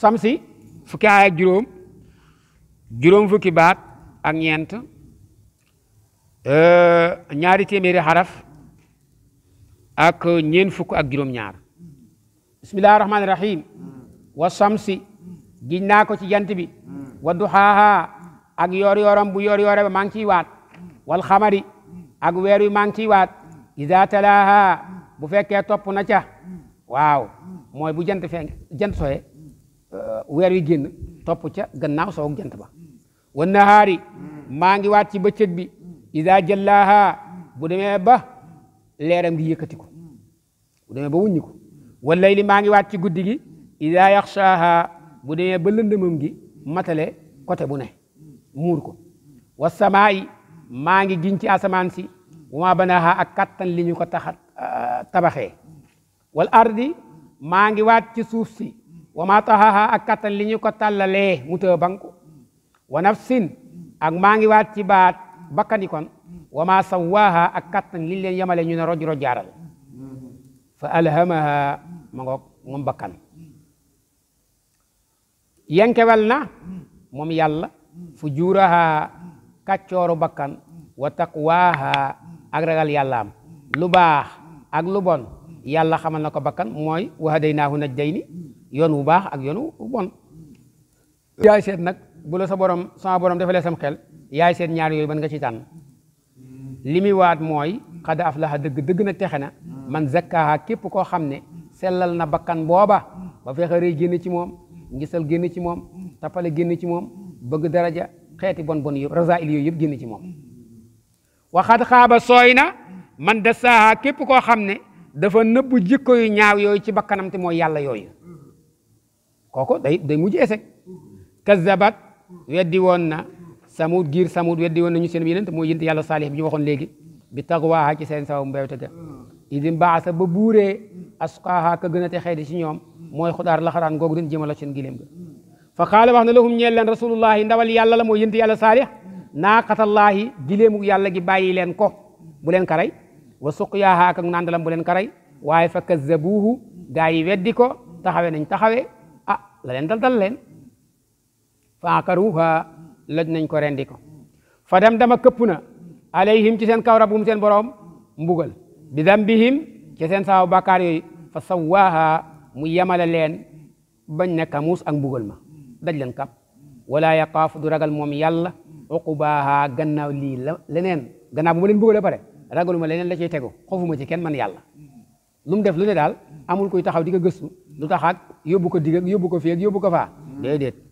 samsi fukki aay ak juróom juróom fukki baat ak ñeent euh, ñaari téeméeri xaraf ak ñeent fukk ak juróom-ñaar bismillahi wa samsi giñ naa ko ci jant bi wa ak yoor yooram bu yoor yoore ba maa ngi ciy waat wal xamari ak weer wi maa ngi ciy waat iza bu fekkee topp na ca waaw mooy bu jant fee jant soye weer wi génn topp ca gannaaw soog jant ba wa nahaari maa ngi waat ci bëccëg bi ida jallaaha bu demee ba leeram gi yëkkati ko bu demee ba wuññi ko wa layli maa ngi waat ci guddi gi ida yaxshaaha bu demee ba lëndëmam gi matale côté bu ne muur ko wa samaayi maa ngi giñ ci asamaan si wa ma banaaha ak kattan li ñu ko tax tabaxee wal ardi maa waat ci suuf si wa maa taxaaha ak kattan li ñu ko tàllalee mu tëë banku wa nafsin ak maa ngi cibaat bakkan baat bakkani kon wa maa sawaaha ak kattan li leen yemale ñu ne roj roj jaaral fa alhamaha ma ngoog moom bakkan yenkewel na moom yàlla fu juuraha kaccooru bakkan wa taqwaaha ak ragal yàllaam lu baax ak lu bon yàlla xamal na ko bakkan mooy wa hadaynaahu najdayni yoon wu baax ak yoon wu bon yaay seet nag bu sa borom sama borom defalee sam xel yaay seet ñaar yooyu ban nga ci tànn li muy waat mooy xad aflaha dëgg dëgg nag texe na man zakkaha képp koo xam ne sellal na bakkan booba ba fexaree génn ci moom ngisal génn ci moom tapale génn ci moom bëgg daraja xeeti bon bon yëpp rasail yooyu yëpp génn ci moom waxat xaaba sooy na man da saaha képp koo xam ne dafa nëbb jikko yu yooyu ci bakkanam te mooy yàlla yooyu kooku day day mujj échec kazzabat weddi woon na samud giir samud weddi woon nañu seen yonent mooy yonent yàlla saalih bi ñu waxoon léegi bi taqwaaha ci seen sababu mbéyte ga idim baasa ba buuree asqaaha ka gën a te xëy ci ñoom mooy xudaar laxaraan googu doon jëmala seen gileem ga fa qaala wax na lahum ñeel leen rasulullahi ndawal yàlla la mooy yonent yàlla saalih naaqatallaahi gileemu yàlla gi bàyyi leen ko bu leen karay wa suqyaaha ak nandalam bu leen karay waaye fa kazzabuuhu gaa yi weddi ko taxawe nañ taxawe la leen dal dal leen faakaruha loj nañ ko rendi ko fa dem dama këpp na alayhim ci seen kaw rabbum seen borom mbugal bi dambihim ci seen saaw bàkkaar yooyu fa sawaaha mu yemale leen bañ ne kamuus ak mbugal ma daj leen kap wala yaqaafu du ragal moom yàlla uqubaaha gannaaw lii la leneen gannaaw bu ma leen mbugalee pare ragalu ma leneen la cay tegu xofuma ci kenn man yàlla lu def lu ne daal amul kuy taxaw di ko gëstu lu tax yóbbu ko digg ak yóbbu ko fii yóbbu ko faa mm. déedéet